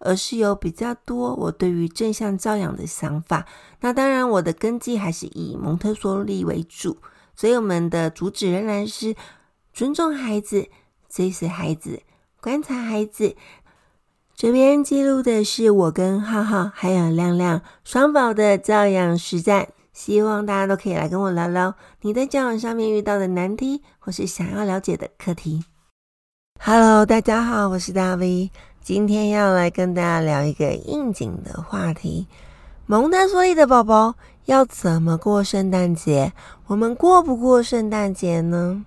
而是有比較多我對於正向教養的想法。那當然，我的根基還是以蒙特梭利為主，所以我們的主旨仍然是尊重孩子、追隨孩子、觀察孩子。這邊記錄的是我跟浩浩還有亮亮雙寶的教養實戰，希望大家都可以來跟我聊聊你在教養上面遇到的難題，或是想要了解的課題。Hello，大家好，我是大 V。今天要來跟大家聊一個應景的話題：蒙特梭利的寶寶要怎麼過聖誕節？我們過不過聖誕節呢？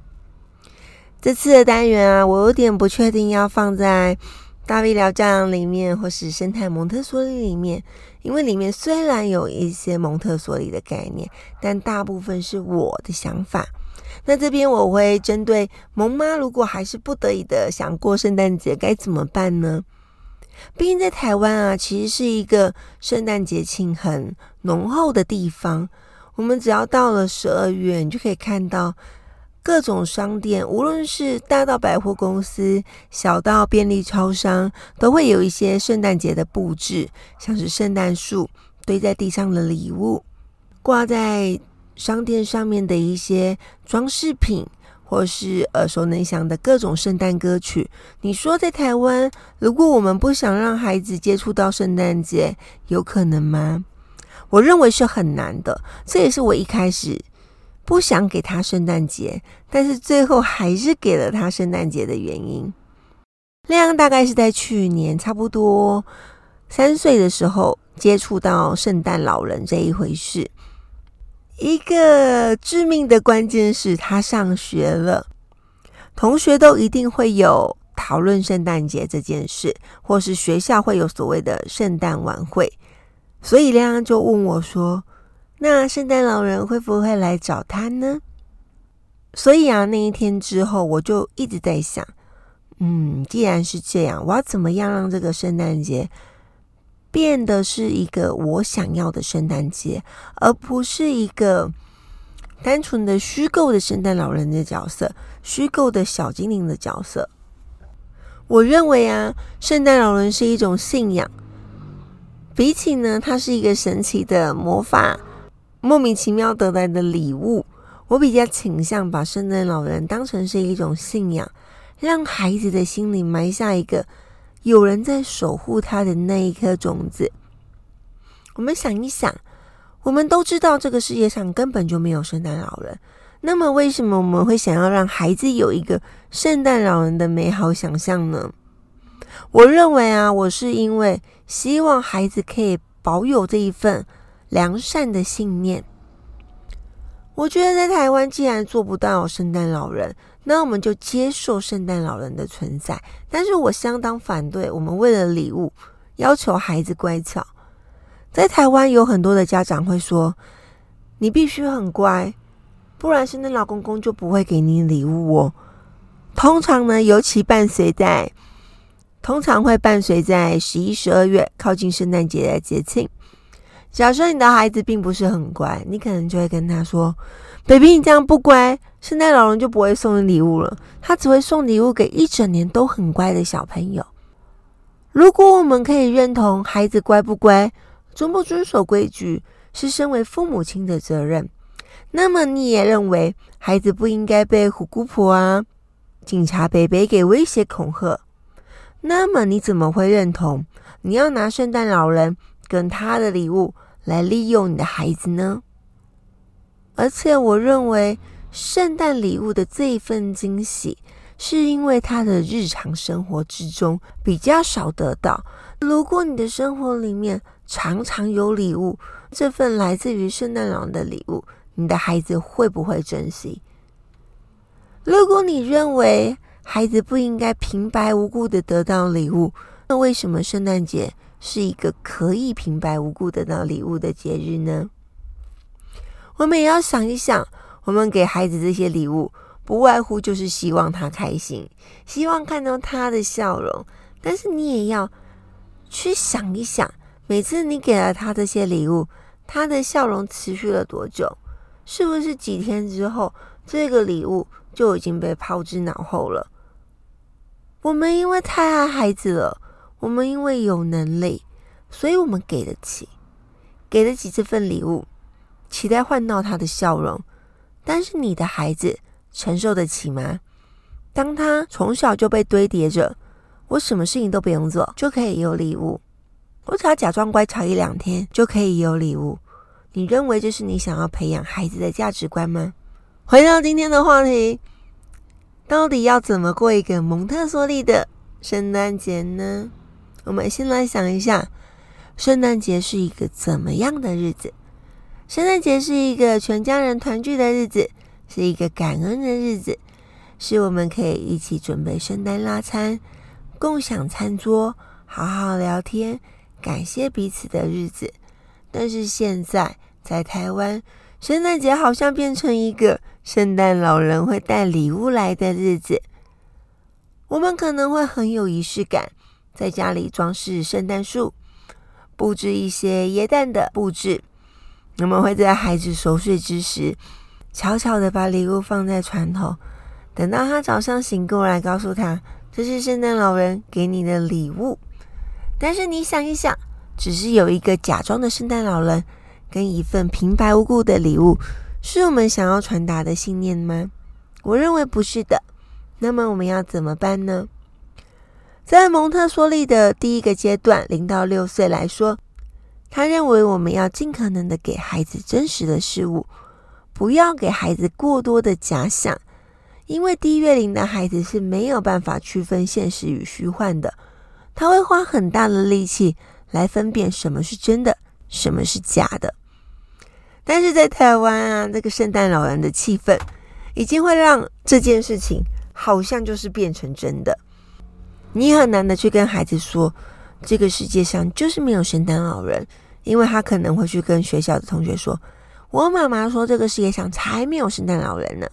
這次的單元啊，我有點不確定要放在。大 V 聊教養裡面，或是生態蒙特梭利裡面，因為裡面雖然有一些蒙特梭利的概念，但大部分是我的想法。那這邊我會針對蒙媽，如果還是不得已的想過聖誕節該怎麼辦呢？畢竟在台灣啊，其實是一個聖誕節慶很濃厚的地方。我們只要到了十二月，你就可以看到。各種商店，無論是大到百貨公司，小到便利超商，都會有一些聖誕節的布置，像是聖誕樹、堆在地上的禮物、掛在商店上面的一些裝飾品，或是耳熟能詳的各種聖誕歌曲。你說在台灣，如果我們不想讓孩子接觸到聖誕節，有可能嗎？我認為是很難的，這也是我一開始，不想給他聖誕節，但是最後還是給了他聖誕節的原因。亮亮大概是在去年差不多三歲的時候接觸到聖誕老人這一回事。一個致命的關鍵是他上學了，同學都一定會有討論聖誕節這件事，或是學校會有所謂的聖誕晚會，所以亮亮就問我說，那聖誕老人會不會來找他呢？所以啊，那一天之後，我就一直在想，嗯，既然是這樣，我要怎麼樣讓這個聖誕節變得是一個我想要的聖誕節，而不是一個單純的虛構的聖誕老人的角色、虛構的小精靈的角色。我認為啊，聖誕老人是一種信仰，比起呢，他是一個神奇的魔法。莫名其妙得來的禮物，我比較傾向把聖誕老人當成是一種信仰，讓孩子的心裡埋下一個有人在守護他的那一顆種子。我們想一想，我們都知道這個世界上根本就沒有聖誕老人，那麼為什麼我們會想要讓孩子有一個聖誕老人的美好想象呢？我認為啊，我是因為希望孩子可以保有這一份。良善的信念，我覺得在台灣既然做不到聖誕老人，那我們就接受聖誕老人的存在。但是我相當反對我們為了禮物要求孩子乖巧。在台灣有很多的家長會說：“你必須很乖，不然聖誕老公公就不會給你禮物哦。”通常呢，尤其伴隨在，通常會伴隨在十一、十二月，靠近聖誕節的節慶。假設你的孩子並不是很乖，你可能就會跟他說：“北 y 你這樣不乖，聖誕老人就不會送你禮物了。他只會送禮物給一整年都很乖的小朋友。”如果我們可以認同孩子乖不乖、遵不遵守規矩是身為父母親的責任，那麼你也認為孩子不應該被虎姑婆啊、警察北北給威脅恐嚇，那麼你怎麼會認同你要拿聖誕老人？跟他的禮物來利用你的孩子呢？而且我認為，聖誕禮物的這一份驚喜，是因為他的日常生活之中比較少得到。如果你的生活裡面常常有禮物，這份來自於聖誕老人的禮物，你的孩子會不會珍惜？如果你認為孩子不應該平白無故的得到禮物，那為什麼聖誕節？是一個可以平白無故得到禮物的節日呢？我們也要想一想，我們給孩子這些禮物，不外乎就是希望他開心，希望看到他的笑容。但是你也要去想一想，每次你給了他這些禮物，他的笑容持續了多久？是不是幾天之後，這個禮物就已經被拋之腦後了？我們因為太愛孩子了。我們因為有能力，所以我們給得起，給得起這份禮物，期待換到他的笑容。但是你的孩子承受得起嗎？當他從小就被堆疊着，我什麼事情都不用做就可以有禮物，我只要假裝乖巧一兩天就可以有禮物。你認為這是你想要培養孩子的價值觀嗎？回到今天的話題，到底要怎麼過一個蒙特梭利的聖誕節呢？我們先來想一下，聖誕節是一個怎麼樣的日子？聖誕節是一個全家人團聚的日子，是一個感恩的日子，是我們可以一起準備聖誕大餐、共享餐桌、好好聊天、感謝彼此的日子。但是現在在台灣，聖誕節好像變成一個聖誕老人會帶禮物來的日子，我們可能會很有儀式感。在家裡裝飾聖誕樹，布置一些耶誕的布置。我們會在孩子熟睡之時，悄悄的把禮物放在床頭，等到他早上醒過來告、告訴他這是聖誕老人給你的禮物。但是你想一想，只是有一個假裝的聖誕老人跟一份平白無故的禮物，是我們想要傳達的信念嗎？我認為不是的。那麼我們要怎麼辦呢？在蒙特梭利的第一個階段，零到六歲來說，他認為我們要盡可能的給孩子真實的事物，不要給孩子過多的假想。因為低月齡的孩子是沒有辦法區分現實與虛幻的，他會花很大的力氣來分辨什麼是真的，什麼是假的。但是在台灣啊，那個聖誕老人的氣氛，已經會讓這件事情好像就是變成真的。你很難的去跟孩子說，這個世界上就是沒有聖誕老人，因為他可能會去跟學校的同學說：“我媽媽說這個世界上才沒有聖誕老人呢。”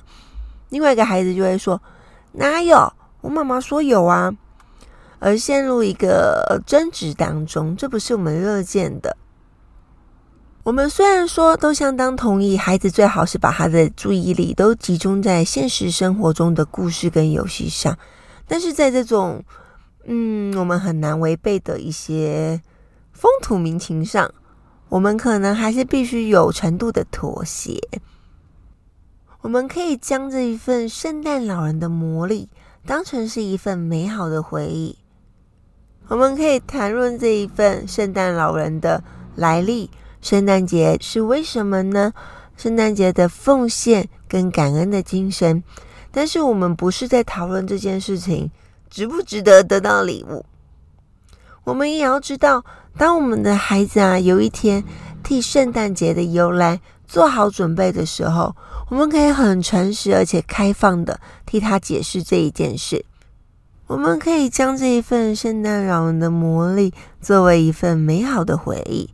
另外一個孩子就會說：“哪有？我媽媽說有啊。”而陷入一個爭執當中，這不是我們樂見的。我們雖然說都相當同意，孩子最好是把他的注意力都集中在現實生活中的故事跟遊戲上，但是在這種。嗯，我們很難違背的一些風土民情上，我們可能還是必須有程度的妥協。我們可以將這一份聖誕老人的魔力當成是一份美好的回憶。我們可以談論這一份聖誕老人的來歷，聖誕節是為什麼呢？聖誕節的奉獻跟感恩的精神，但是我們不是在討論這件事情。值不值得得到禮物？我們也要知道，當我們的孩子啊有一天替聖誕節的由來做好準備的時候，我們可以很誠實而且開放的替他解釋這一件事。我們可以將這一份聖誕老人的魔力作為一份美好的回憶。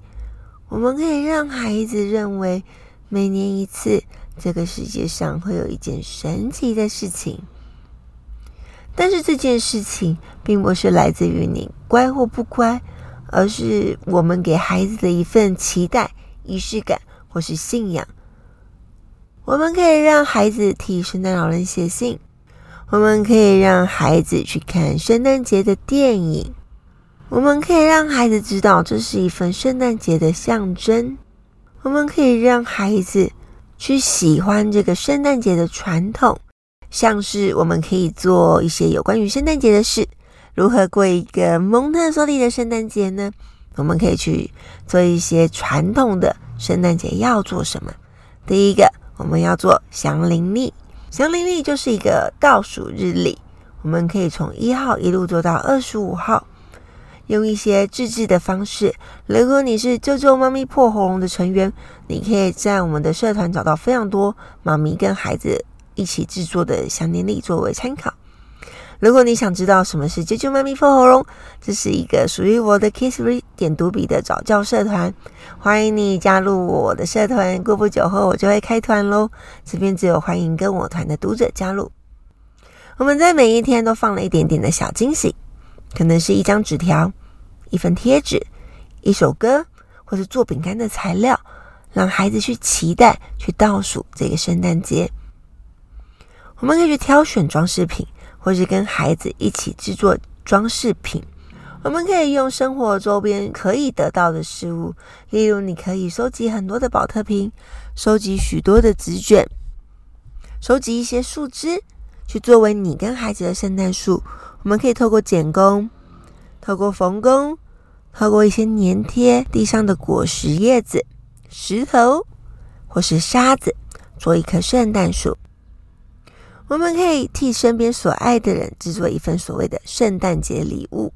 我們可以讓孩子認為，每年一次，這個世界上會有一件神奇的事情。但是這件事情並不是來自於你乖或不乖，而是我們給孩子的一份期待、儀式感或是信仰。我們可以讓孩子替聖誕老人寫信，我們可以讓孩子去看聖誕節的電影，我們可以讓孩子知道這是一份聖誕節的象徵，我們可以讓孩子去喜歡這個聖誕節的傳統。像是我們可以做一些有關於聖誕節的事，如何過一個蒙特梭利的聖誕節呢？我們可以去做一些傳統的聖誕節要做什麼。第一個，我們要做降臨曆，降臨曆就是一個倒數日曆，我們可以從一號一路做到二十五號，用一些自製，製的方式。如果你是啾啾媽咪破喉嚨的成員，你可以在我們的社團找到非常多媽咪跟孩子。一起製作的想念力作為參考。如果你想知道什麼是“啾啾媽咪封喉嚨”，這是一個屬於我的 KidsRead 點讀筆的早教社團，歡迎你加入我的社團。過不久後，我就會開團咯。這邊只有歡迎跟我團的讀者加入。我們在每一天都放了一點點的小驚喜，可能是一張紙條、一份貼紙、一首歌，或者做餅乾的材料，讓孩子去期待、去倒數這個聖誕節。我們可以去挑選裝飾品，或是跟孩子一起製作裝飾品。我們可以用生活周邊可以得到的事物，例如你可以收集很多的寶特瓶，收集許多的紙捲，收集一些樹枝，去作為你跟孩子的聖誕樹。我們可以透過剪工，透過縫工，透過一些粘貼地上的果實、葉子、石頭或是沙子，做一棵聖誕樹。我們可以替身邊所愛的人制作一份所謂的聖誕節禮物。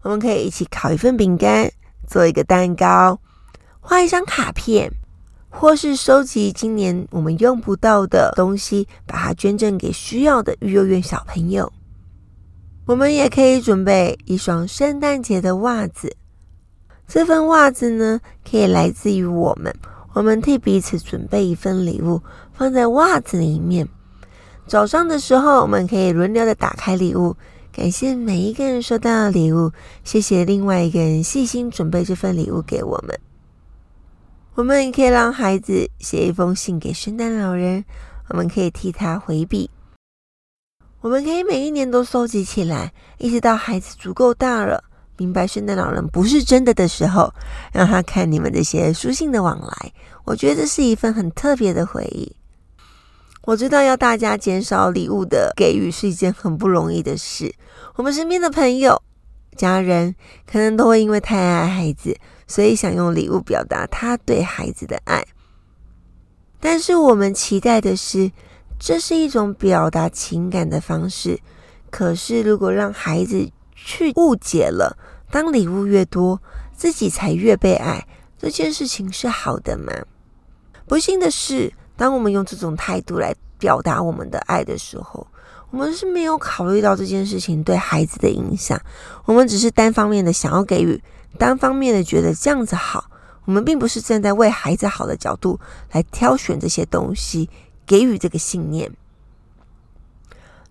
我們可以一起烤一份餅乾，做一個蛋糕，畫一張卡片，或是收集今年我們用不到的東西，把它捐贈給需要的育幼院小朋友。我們也可以準備一雙聖誕節的襪子。這份襪子呢，可以來自於我們，我們替彼此準備一份禮物，放在襪子裡面。早上的時候，我們可以輪流的打開禮物，感謝每一個人收到的禮物，謝謝另外一個人細心準備這份禮物給我們。我們也可以讓孩子寫一封信給聖誕老人，我們可以替他回避。我們可以每一年都收集起來，一直到孩子足夠大了，明白聖誕老人不是真的的時候，讓他看你們這些書信的往來。我覺得這是一份很特別的回憶。我知道要大家減少禮物的給予是一件很不容易的事。我們身邊的朋友、家人可能都會因為太愛孩子，所以想用禮物表達他對孩子的愛。但是我們期待的是，這是一種表達情感的方式。可是如果讓孩子去誤解了，當禮物越多，自己才越被愛，這件事情是好的嗎？不幸的是……當我們用這種態度來表達我們的愛的時候，我們是沒有考慮到這件事情對孩子的影響。我們只是單方面的想要給予，單方面的覺得這樣子好。我們並不是站在為孩子好的角度來挑選這些東西，給予這個信念。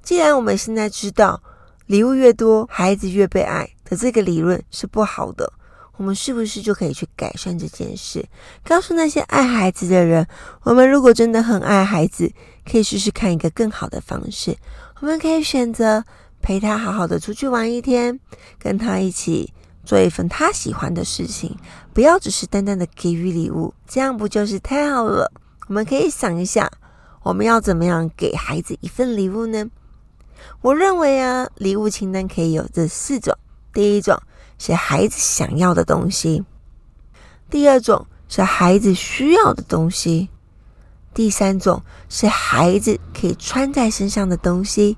既然我們現在知道，禮物越多，孩子越被愛的這個理論是不好的。我們是不是就可以去改善這件事？告訴那些愛孩子的人，我們如果真的很愛孩子，可以試試看一個更好的方式。我們可以選擇陪他好好的出去玩一天，跟他一起做一份他喜歡的事情，不要只是單單的給予禮物，這樣不就是太好了？我們可以想一下，我們要怎麼樣給孩子一份禮物呢？我認為啊，禮物清單可以有這四種：第一種。是孩子想要的東西。第二種是孩子需要的東西。第三種是孩子可以穿在身上的東西。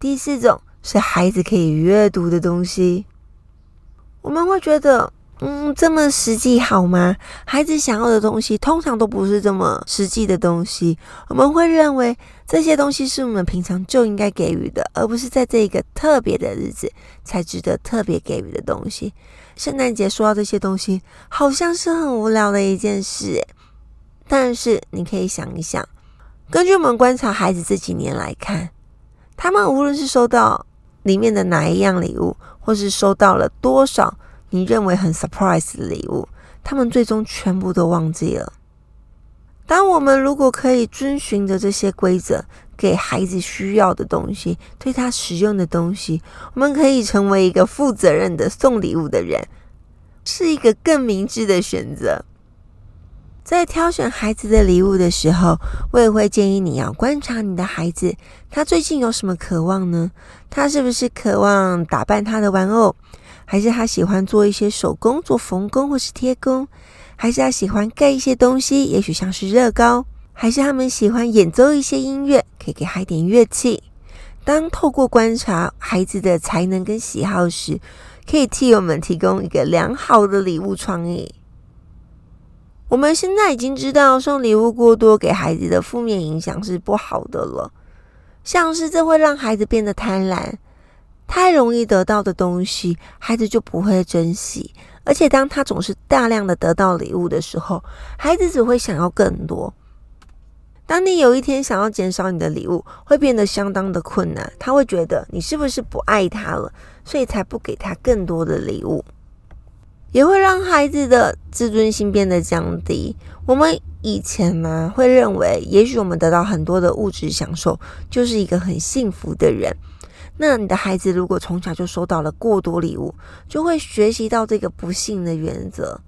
第四種是孩子可以閱讀的東西。我們會覺得。嗯，這麼實際好嗎？孩子想要的東西通常都不是這麼實際的東西。我們會認為這些東西是我們平常就應該給予的，而不是在這一個特別的日子才值得特別給予的東西。聖誕節收到這些東西，好像是很無聊的一件事。但是你可以想一想，根據我們觀察孩子這幾年來看，他們無論是收到裡面的哪一樣禮物，或是收到了多少，你認為很 surprise 的禮物，他們最終全部都忘記了。當我們如果可以遵循着這些規則，給孩子需要的東西，對他實用的東西，我們可以成為一個負責任的送禮物的人，是一個更明智的選擇。在挑選孩子的禮物的時候，我也會建議你要觀察你的孩子，他最近有什麼渴望呢？他是不是渴望打扮他的玩偶？還是他喜歡做一些手工，做縫工或是貼工，還是他喜歡蓋一些東西，也許像是樂高？還是他們喜歡演奏一些音樂，可以給他一點樂器。當透過觀察孩子的才能跟喜好時，可以替我們提供一個良好的禮物創意。我們現在已經知道送禮物過多給孩子的負面影響是不好的了，像是這會讓孩子變得貪婪。太容易得到的東西，孩子就不會珍惜。而且，當他總是大量的得到禮物的時候，孩子只會想要更多。當你有一天想要減少你的禮物，會變得相當的困難。他會覺得你是不是不愛他了，所以才不給他更多的禮物，也會讓孩子的自尊心變得降低。我們以前呢、啊，會認為，也許我們得到很多的物質享受，就是一個很幸福的人。那你的孩子如果從小就收到了過多禮物，就會學習到這個不幸的原則。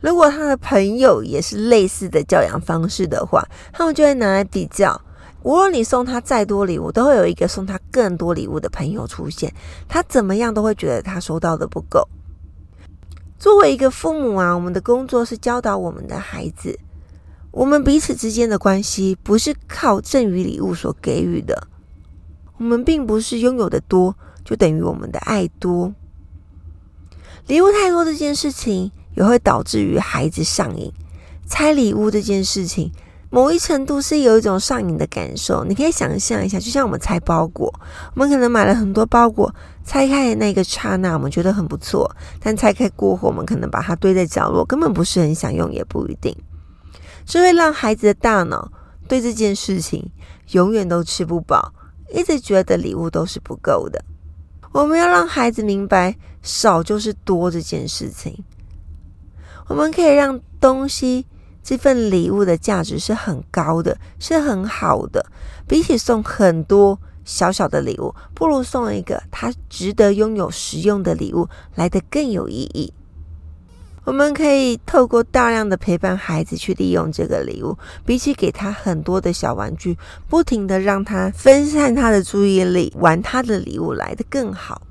如果他的朋友也是類似的教養方式的話，他們就會拿來比較。無論你送他再多禮物，都會有一個送他更多禮物的朋友出現。他怎麼樣都會覺得他收到的不夠。作為一個父母啊，我們的工作是教導我們的孩子，我們彼此之間的關係不是靠贈與禮物所給予的。我們並不是擁有的多就等於我們的愛多，禮物太多這件事情也會導致於孩子上癮。拆禮物這件事情，某一程度是有一種上癮的感受。你可以想象一下，就像我們拆包裹，我們可能買了很多包裹，拆開的那個剎那，我們覺得很不錯。但拆開過後，我們可能把它堆在角落，根本不是很想用，也不一定。這會讓孩子的大腦對這件事情永遠都吃不飽。一直覺得禮物都是不夠的。我們要讓孩子明白，少就是多這件事情。我們可以讓東西，這份禮物的價值是很高的，是很好的，比起送很多小小的禮物，不如送一個他值得擁有實用的禮物，來得更有意義。我們可以透過大量的陪伴孩子去利用這個禮物，比起給他很多的小玩具，不停的讓他分散他的注意力，玩他的禮物來的更好。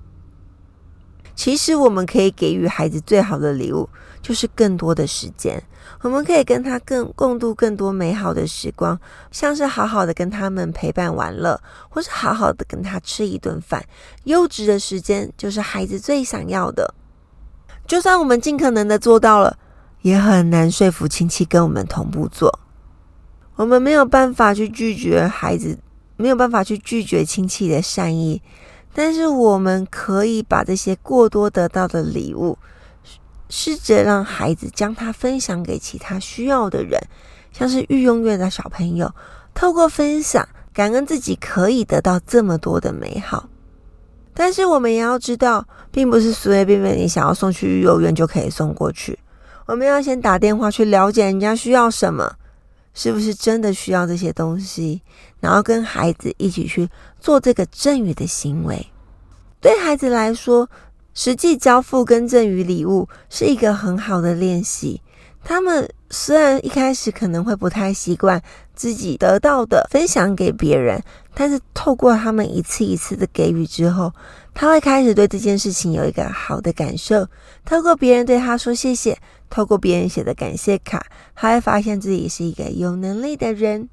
其實我們可以給予孩子最好的禮物，就是更多的時間，我們可以跟他更共度更多美好的時光，像是好好的跟他們陪伴玩樂，或是好好的跟他吃一頓飯。優質的時間就是孩子最想要的。就算我們盡可能的做到了，也很難說服親戚跟我們同步做。我們沒有辦法去拒絕孩子，沒有辦法去拒絕親戚的善意，但是我們可以把這些過多得到的禮物，試着讓孩子將它分享給其他需要的人，像是育幼院的小朋友。透過分享，感恩自己可以得到這麼多的美好。但是我們也要知道，並不是隨隨便便你想要送去幼兒園就可以送過去。我們要先打電話去了解人家需要什麼，是不是真的需要這些東西，然後跟孩子一起去做這個贈與的行為。對孩子來說，實際交付跟贈與禮物是一個很好的練習。他們雖然一開始可能會不太習慣自己得到的分享給別人。但是透過他們一次一次的給予之後，他會開始對這件事情有一個好的感受。透過別人對他說謝謝，透過別人寫的感謝卡，他會發現自己是一個有能力的人。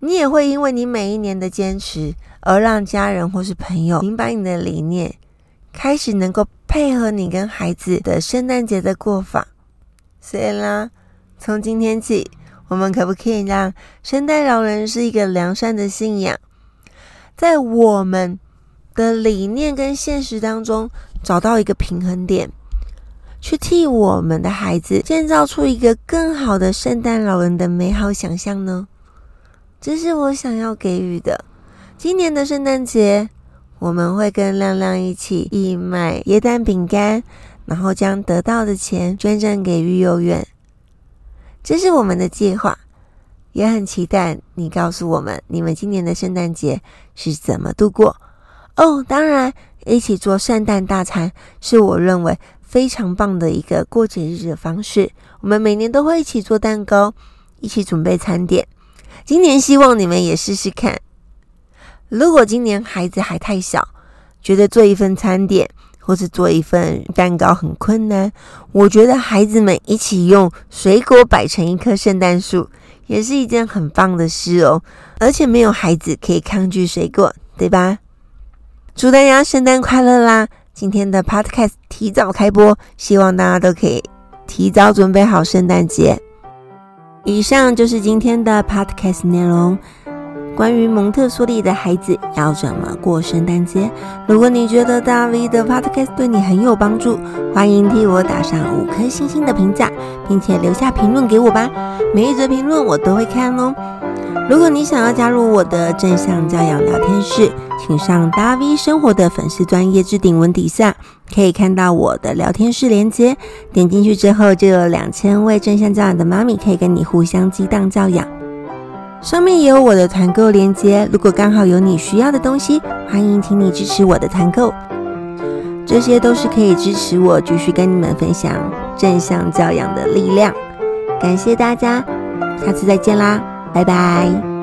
你也會因為你每一年的堅持，而讓家人或是朋友明白你的理念，開始能夠配合你跟孩子的聖誕節的過法。所以啦，從今天起。我們可不可以讓聖誕老人是一個良善的信仰，在我們的理念跟現實當中找到一個平衡點，去替我們的孩子建造出一個更好的聖誕老人的美好想象呢？這是我想要給予的。今年的聖誕節，我們會跟亮亮一起義賣耶誕餅乾，然後將得到的錢捐贈給育幼院。這是我們的計劃，也很期待你告訴我們你們今年的聖誕節是怎麼度過。哦，當然，一起做聖誕大餐是我認為非常棒的一個過節日的方式。我們每年都會一起做蛋糕，一起準備餐點。今年希望你們也試試看。如果今年孩子還太小，覺得做一份餐點。或是做一份蛋糕很困難，我覺得孩子們一起用水果擺成一棵聖誕樹，也是一件很棒的事哦。而且沒有孩子可以抗拒水果，對吧？祝大家聖誕快樂啦！今天的 Podcast 提早開播，希望大家都可以提早準備好聖誕節。以上就是今天的 Podcast 內容。關於蒙特梭利的孩子要怎麼過聖誕節？如果你覺得大 V 的 podcast 對你很有幫助，歡迎替我打上五顆星星的評價，並且留下評論給我吧。每一則評論我都會看哦。如果你想要加入我的正向教養聊天室，請上大 V 生活的粉絲專頁置頂文底下，可以看到我的聊天室鏈接。點進去之後，就有兩千位正向教養的媽咪可以跟你互相激盪教養。上面也有我的團購鏈接，如果剛好有你需要的東西，歡迎請你支持我的團購。這些都是可以支持我繼續跟你們分享正向教養的力量。感謝大家，下次再見啦，拜拜。